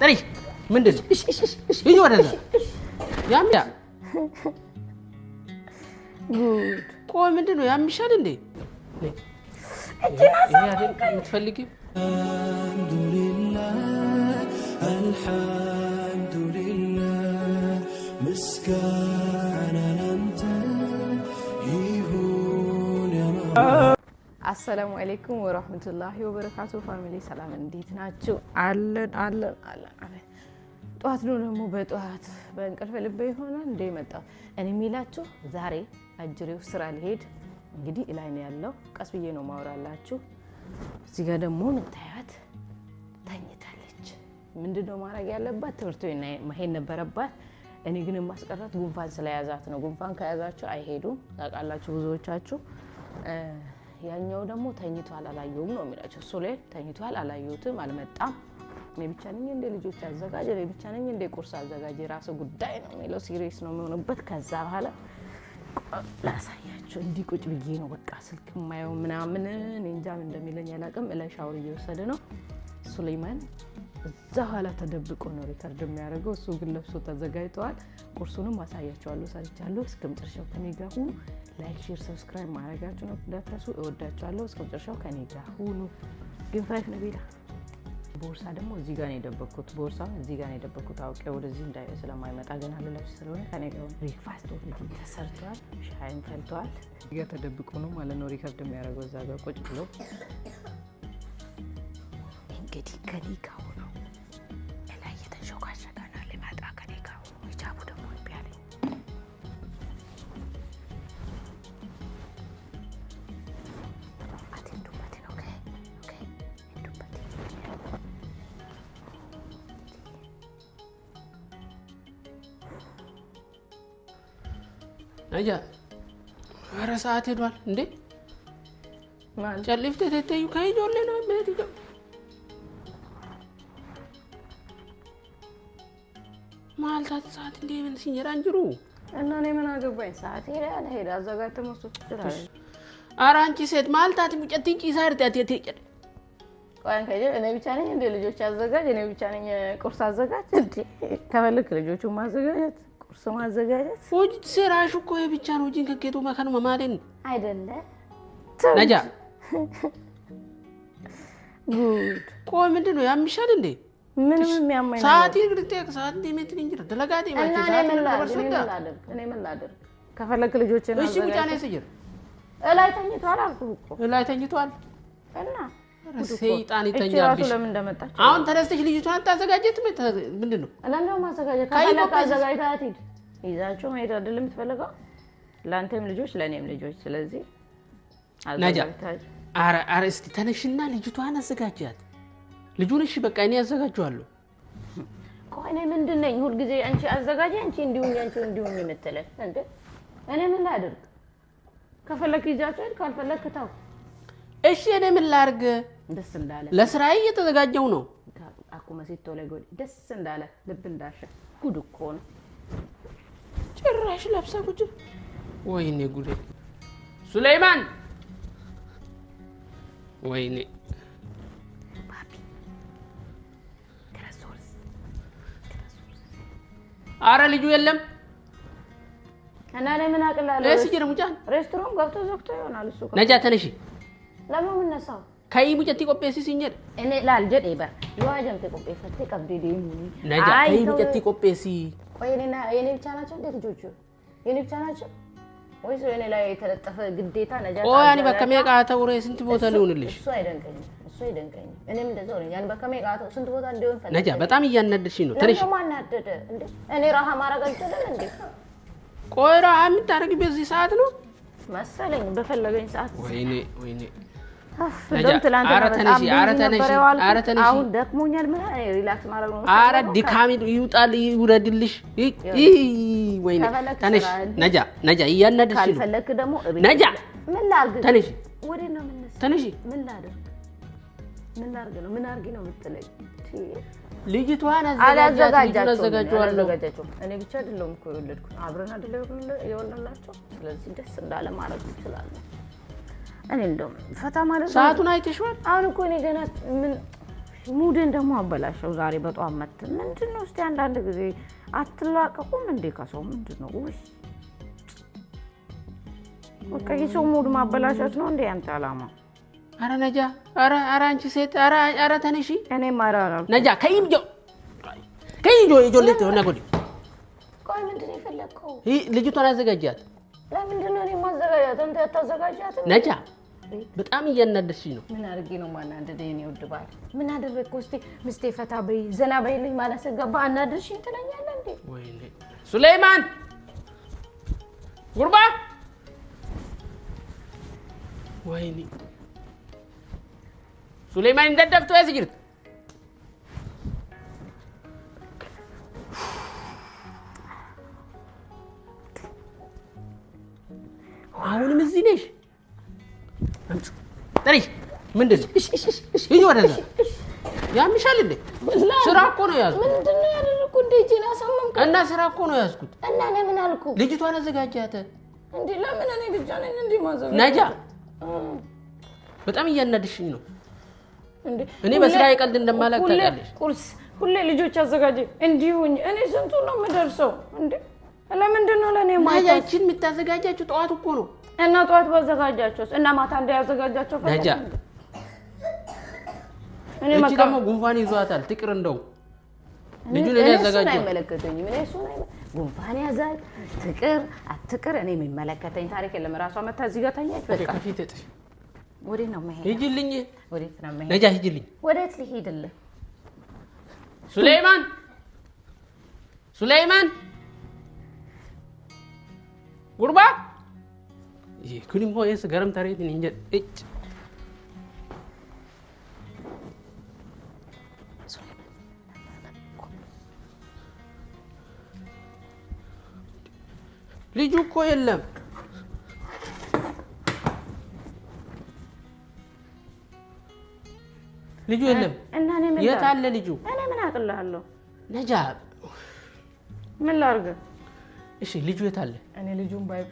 ጥሪ ምንድን ነው? ልጅ ወደዛ ያምያ ቆይ ምንድን ነው ያምሻል እንዴ? የምትፈልጊ አልሐምዱሊላህ ምስጋና ላንተ ይሁን። አሰላሙ አሌይኩም ወረህመቱላሂ ወበረካቱ። ፋሚሊ ሰላም እንዴት ናችሁ? አለን አለን አለን አለን። ጠዋት ነው ደግሞ በጠዋት በእንቅልፍ ልቤ ይሆናል እንደ መጣሁ እኔ የሚላችሁ ዛሬ አጅሬው ስራ ሊሄድ እንግዲህ ላይ ነው ያለው። ቀስ ብዬ ነው ማውራላችሁ። እዚህ ጋር ደግሞ ምታያት ተኝታለች። ምንድን ነው ማድረግ ያለባት? ትምህርት ቤት መሄድ ነበረባት። እኔ ግን ማስቀረት ጉንፋን ስለያዛት ነው። ጉንፋን ከያዛችሁ አይሄዱም ታውቃላችሁ ብዙዎቻችሁ ያኛው ደግሞ ተኝቷል አላየሁም ነው የሚላቸው። እሱ ተኝቷል አላየሁትም፣ አልመጣም፣ እኔ ብቻ ነኝ እንደ ልጆች አዘጋጅ፣ እኔ ብቻ ነኝ እንደ ቁርስ አዘጋጅ፣ የራስ ጉዳይ ነው የሚለው። ሲሪየስ ነው የሚሆንበት። ከዛ በኋላ ላሳያቸው እንዲህ ቁጭ ብዬ ነው በቃ ስልክ የማየው ምናምን፣ እኔ እንጃ እንደሚለኝ አላውቅም። እላይ ሻወር እየወሰደ ነው ሱሌይማን እዛ ኋላ ተደብቆ ነው ሪከርድ የሚያደርገው። እሱ ግን ለብሶ ተዘጋጅተዋል። ቁርሱንም አሳያቸዋለሁ፣ ሰርቻለሁ። እስከ መጨረሻው ከኔ ጋር ሁኑ። ላይክ፣ ሼር፣ ሰብስክራይብ ማድረጋችሁ ነው እንዳትረሱ። እወዳቸዋለሁ። እስከ መጨረሻው ከኔ ጋር ሁኑ። ግን ፋይፍ ነቢላ ቦርሳ ደግሞ እዚህ ጋር ነው የደበኩት። ቦርሳውን እዚህ ጋር ነው የደበኩት አውቄ ወደዚህ እንዳይ ስለማይመጣ ገና ልለብስ ስለሆነ ከኔ ጋር ብሬክፋስት ወርድ ተሰርተዋል። ሻይም ፈልተዋል። እዚህ ጋር ተደብቆ ነው ማለት ነው ሪከርድ የሚያደርገው እዛ ጋር ቁጭ ብለው እንግዲህ ከኔ ጋር አያ ኧረ ሰዓት ሄዷል እንዴ? ጨልፍት ተተዩ ከይጆለ ነው ከይዞልና በትዮ ማልታት ሰዓት እንዴ ምን ሲኝራ እንጅሩ እና እኔ ምን አገባኝ? ሰዓት ሄዳ ሄዳ አዘጋጅተህ መውሰድ ትችላለህ። ኧረ አንቺ ሴት ማልታት ሙጨት እንጂ ሳርታት የተጨደ ቆያን ከጀ እኔ ብቻ ነኝ እንደ ልጆች አዘጋጅ እኔ ብቻ ነኝ ቁርስ አዘጋጅ እንዴ ከፈለክ ልጆቹ ማዘጋጀት ቁርስ ማዘጋጀት ወጅ ስራሽ እኮ የብቻ ነው እንጂ ከጌቱ መከን ማለት አይደለ? ነጃ ጉድ ቆይ፣ ምንድን ነው ያምሻል እንዴ? ምንም የሚያማኝ ሰዓት ይግርቴ ሰዓት ዲሜት እንጂ ደለጋቴ ማለት ሰዓት ምን ላደርግ እኔ ምን ላደርግ? ከፈለክ ልጆቼ ነው እሺ። ጉጫኔ ስይር እላይ ተኝቷል አልኩህ እኮ እላይ ተኝቷል እና ሰይጣን ይተኛብሽ። አሁን ተነስተሽ ልጅቷን አታዘጋጀት። ምንድን ነው ለምደ ማዘጋጀት? አዘጋጅታት ሂድ ይዛቸው መሄድ አይደል የምትፈልገው? ለአንተም ልጆች ለእኔም ልጆች። ስለዚህ ኧረ እስኪ ተነሽና ልጅቷን አዘጋጃት። ልጁን እሺ በቃ እኔ አዘጋጀዋለሁ። ቆይ እኔ ምንድን ነኝ? ሁልጊዜ አንቺ አዘጋጅ፣ አንቺ እንዲሁኝ፣ አንቺ እንዲሁኝ የምትለኝ እንደ እኔ ምን ላድርግ? ከፈለክ ይዛቸው ሂድ፣ ካልፈለክ ተው እሺ እኔ ምን ላድርግ? ደስ እንዳለ ለስራዬ እየተዘጋጀው ነው። መሴቶ ላይ ደስ እንዳለ ልብ እንዳሸ ጉድ እኮ ነው። ጭራሽ ለብሳ ጉድ! ወይኔ ጉዴ! ሱሌይማን፣ ወይኔ አረ ልጁ የለም እና እኔ ምን ሬስቶራንት ገብቶ ዘግቶ ይሆናል እሱ። ነጃ ተነሺ Lama munassaa? Ka'ii mucattii qopheessisiin jedha. Inni ilaal jedhee bara. Yoo ajamte qopheeffattee qabdee deemuu. Naja ka'ii mucattii qopheessii. ቆይ የኔ ብቻ ናቸው እንዴ ልጆቹ? የኔ ብቻ ናቸው ወይስ የኔ ላይ የተለጠፈ ግዴታ ነጃ? ቆይ ያኔ በቃ ሜቃ ተውሬ ስንት ቦታ ልሆንልሽ? እሱ አይደንቀኝም። እሱ አይደንቀኝም። እኔም እንደዛው ነኝ። ያኔ በቃ ሜቃ ተው ስንት ቦታ እንደሆን ፈለገ ነጃ። በጣም እያናደድሽኝ ነው። ትንሽ ማናደደ እንዴ? እኔ ራሃ ማረግ አልችልም እንዴ? ቆይ ራሃ የምታደርጊ በዚህ ሰዓት ነው መሰለኝ። በፈለገኝ ሰዓት ወይኔ ወይኔ አሁን ደክሞኛል። ሪላክስ ማድረግ ነው። ኧረ ድካሚ ይውጣል፣ ይውረድልሽ። ወይኔ ተነሽ ነጃ፣ ነጃ እያናደድሽ ነው። ካልፈለክ ደግሞ ነጃ፣ ምን ላድርግ? ተነሽ፣ ተነሽ። ምን ላድርግ? ምን ላድርግ ነው? ምን አድርጊ ነው የምትለኝ? ልጅቷን አዘጋጃቸው። እኔ ብቻ አይደለሁም እኮ የወለድኩት፣ አብረን አይደለም የወለድናቸው። ስለዚህ ደስ እንዳለ ማድረግ ይችላሉ። እኔ እንደውም ፈታ ማለት ሰዓቱን አይተሽዋል። አሁን እኮ እኔ ገና ምን ሙድን ደግሞ አበላሸው። ዛሬ በጠዋት መት ምንድን ነው እስቲ አንዳንድ ጊዜ አትላቀቁም እንዴ ከሰው ምንድን ነው? ውይ በቃ የሰው ሙድ ማበላሸት ነው እንዴ አንተ አላማ? አረ ነጃ፣ አረ አንቺ ሴት፣ አረ ተነሺ። እኔ ማራራ ነጃ ጆ ይጆ ለት ሆነ ጎዲ ቆይ ምንድን ነው የፈለግከው? ልጅቷን አዘጋጃት። ለምንድን ነው እኔ ማዘጋጃት? አንተ ነጃ በጣም እያናደድሽኝ ነው። ምን አድርጌ ነው ማናደድ? የኔ ውድ ባል ምን አደረግኩ? እስኪ ምስቴ ፈታ በይ ዘና በይልኝ ማለት ስገባ አናደድሽኝ ትለኛለህ እንዴ? ወይኔ ሱሌይማን ጉርባ፣ ወይኔ ሱሌይማን እንደደፍቶ ያስጅርት አሁንም እዚህ ነሽ ጥሪ ምንድን ነው ወደዛ ያምሻል እንዴ? ስራ እኮ ነው ያዝኩት። ምንድን ነው ያደረኩት? እንደ እጄን አሳመምኩ እና ስራ እኮ ነው ያዝኩት። እና ለምን አልኩ? ልጅቷን አዘጋጃት እንዴ? ለምን እኔ ብቻ ነኝ እንዴ ማዘጋጅ? ነጃ በጣም እያናድሽኝ ነው እኔ በስራ የቀልድ እንደማላቅ ታውቂያለሽ። ቁርስ ሁሌ ልጆች አዘጋጅ እንዲሁኝ እኔ ስንቱ ነው የምደርሰው እንዴ? ለምንድን ነው ለእኔ ማያችን የምታዘጋጃችሁ? ጠዋት እኮ ነው እና ጠዋት ባዘጋጃቸውስ እና ማታ እንዳያዘጋጃቸው ፈጃ። እኔ መካ ደግሞ ጉንፋን ይዟታል። ትቅር እንደው ልጁ ነው ያዘጋጀው። አይመለከተኝም። እኔ እሱ ጉንፋን ያዛል። ትቅር አትቅር፣ እኔ የሚመለከተኝ ታሪክ የለም። ራሷ መታ እዚህ ጋር ተኛች። በቃ ከፊት እጥሽ ወዴት ነው መሄድ? ሂጂልኝ። ወዴት ነው መሄድ? ነጃ ሂጂልኝ። ወዴት ልሂድልህ? ሱሌይማን ሱሌይማን ጉርባ Kunim ko yes garam tarik din injet. Ich. ልጁ እኮ የለም። ልጁ የለም። የት አለ ልጁ? እኔ ምን አቅልሃለሁ? ነጃ ምን ላድርግ? እሺ ልጁ የት አለ? እኔ ልጁን ባይ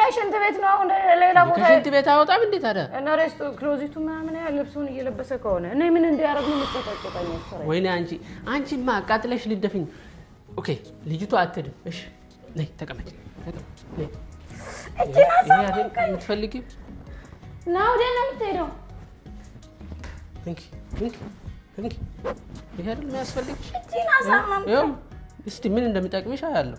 ላይ ሽንት ቤት ነው። አሁን ሌላ ቦታ ሽንት ቤት አወጣም እንዴ ታዲያ? እና ሬስቶ ክሎዚቱ ምናምን ያ ልብሱን እየለበሰ ከሆነ እኔ ምን እንዲያደርግ ነው የምትጠቀቀኝ? ወይኔ አንቺ አንቺማ አቃጥለሽ ልደፍኝ። ኦኬ ልጅቷ አትድም። እሺ ነይ ተቀመጭ። ነይ ና ወደ ነው የምትሄደው። እንኪ እንኪ እንኪ ይሄ አይደል የሚያስፈልግሽ? እስቲ ምን እንደሚጠቅምሽ አያለሁ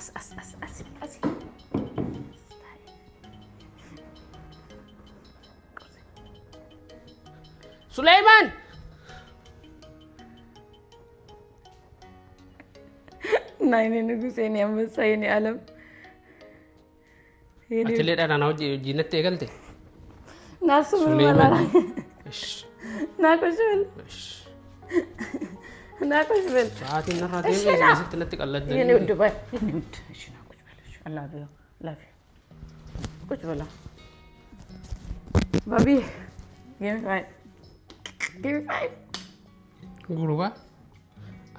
As, as, as, as, as. Süleyman! እና የኔ ንጉሴ፣ የኔ አንበሳ፣ የኔ ዓለም ሌዳና ጂነት የገልቴ ናሱ ናቆሽ ጉሩባ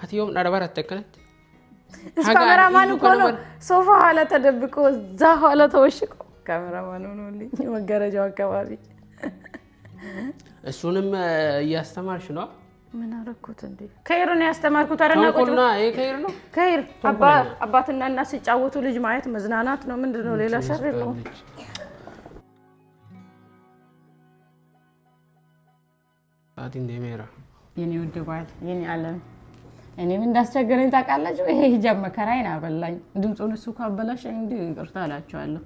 አትዮም ዳርባር አተከለት ካሜራማን እኮ ነው። ሶፋ ኋላ ተደብቆ እዛ ኋላ ተወሽቆ ካሜራማን ሆኖልኝ መጋረጃው አካባቢ እሱንም እያስተማርሽ ነው። ምን አደረኩት እንዴ? ከይር ነው ያስተማርኩት። አረና ቁጭና ይሄ ከይር ነው። ከይር አባትና እና ሲጫወቱ ልጅ ማየት መዝናናት ነው። ምንድን ነው ሌላ ሸር የለውም። የኔ ውድ ባል፣ የኔ ዓለም፣ እኔም እንዳስቸገረኝ ታውቃላችሁ። ይሄ ሂጃብ መከራዬን አበላኝ። ድምፁን እሱ ካበላሽ እንዲ ቅርታ እላቸዋለሁ።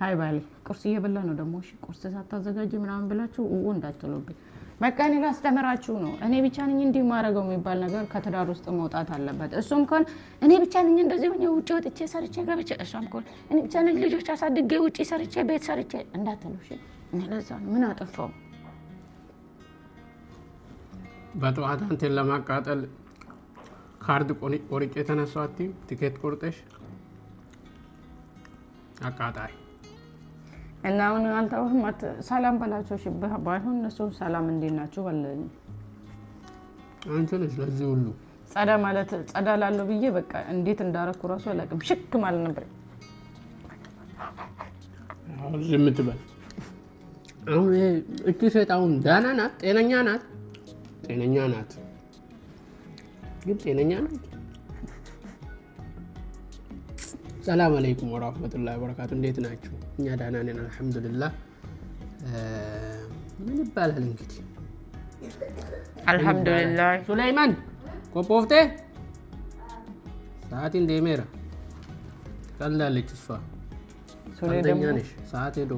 ሀይ ባሌ፣ ቁርስ እየበላ ነው ደግሞ ቁርስ ሳታዘጋጅ ምናምን ብላችሁ እንዳትሉብኝ በቃ እኔ ላስተምራችሁ ነው፣ እኔ ብቻ ነኝ እንዲህ ማድረገው የሚባል ነገር ከትዳር ውስጥ መውጣት አለበት። እሱም ከሆነ እኔ ብቻ ነኝ እንደዚህ ሆኜ ውጭ ወጥቼ ሰርቼ ገብቼ፣ እሷም ከሆነ እኔ ብቻ ነኝ ልጆች አሳድጌ ውጭ ሰርቼ ቤት ሰርቼ እንዳትሉ። እኔ ለዛ ነው ምን አጠፋው በጠዋት አንቴን ለማቃጠል ካርድ ቆርጬ የተነሳት ቲኬት ቆርጠሽ አቃጣይ እና አሁን አልተውህም ሰላም በላቸው። እሺ ባይሆን እነሱም ሰላም እንዴት ናቸው በለኝ። አንተ ነሽ ለዚህ ሁሉ ጸዳ ማለት ጸዳ ላለው ብዬ በቃ እንዴት እንዳረኩ ራሱ አላውቅም። ሽክ ማለት ነበር የምትበል ትበል። አሁን እቺ ሴት አሁን ደህና ናት፣ ጤነኛ ናት፣ ጤነኛ ናት፣ ግን ጤነኛ ናት ሰላም አለይኩም ወራህመቱላሂ ወበረካቱ። እንዴት ናችሁ? እኛ ደህና ነን አልሐምዱሊላህ። ምን ይባላል እንግዲህ አልሐምዱሊላህ። ሱለይማን ኮፖፍቴ ሰዓት እንደ ሜራ ቀላለች እሷ ቀልደኛ ነሽ። ሰዓት ሄዶ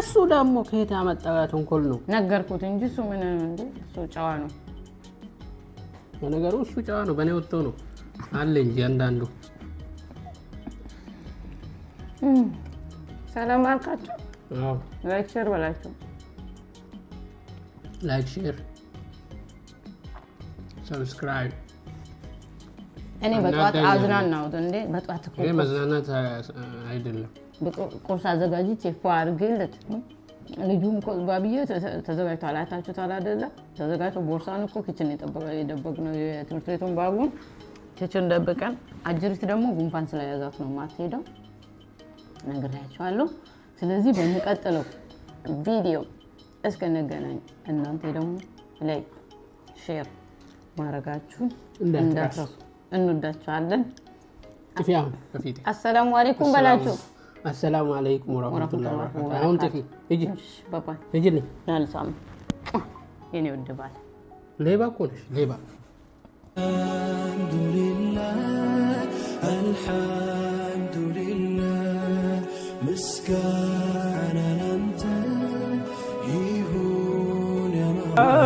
እሱ ደግሞ ከየት ያመጣው ተንኮል ነው ነገርኩት እንጂ እሱ ምን እንደ እሱ ጨዋ ነው። በነገሩ እሱ ጨዋ ነው። በእኔ ወጥቶ ነው አለ እንጂ አንዳንዱ ሰላም አልካቸው። ላይክ ሼር በላቸው። ላይክ ሼር ሰብስክራይብ። እኔ በጠዋት አዝናናሁት እንዴ! በጠዋት መዝናናት አይደለም። ቁርስ አዘጋጅቼ ፎ አድርጌለት ልጁም ባብዬ ብዬ ተዘጋጅቷል። አይታችሁታል አይደለም? ተዘጋጅቶ ቦርሳን እኮ የደበቅ ነው የትምህርት ቤቱን ባቡን ኪችን ደብቀን፣ አጅሪት ደግሞ ጉንፋን ስለያዛት ነው ማትሄደው ነግሬያቸዋለሁ። ስለዚህ በሚቀጥለው ቪዲዮ እስክንገናኝ እናንተ ደግሞ ላይክ፣ ሼር ማድረጋችሁን እንዳትረሱ። እንወዳችኋለን። አሰላሙ አለይኩም በላችሁ። አሰላሙ አለይኩም ወራህመቱላሂ ጥፊ የኔ ውድ ባል ሌባ እኮ ነሽ ሌባ ምስጋና ላንተ ይሁን።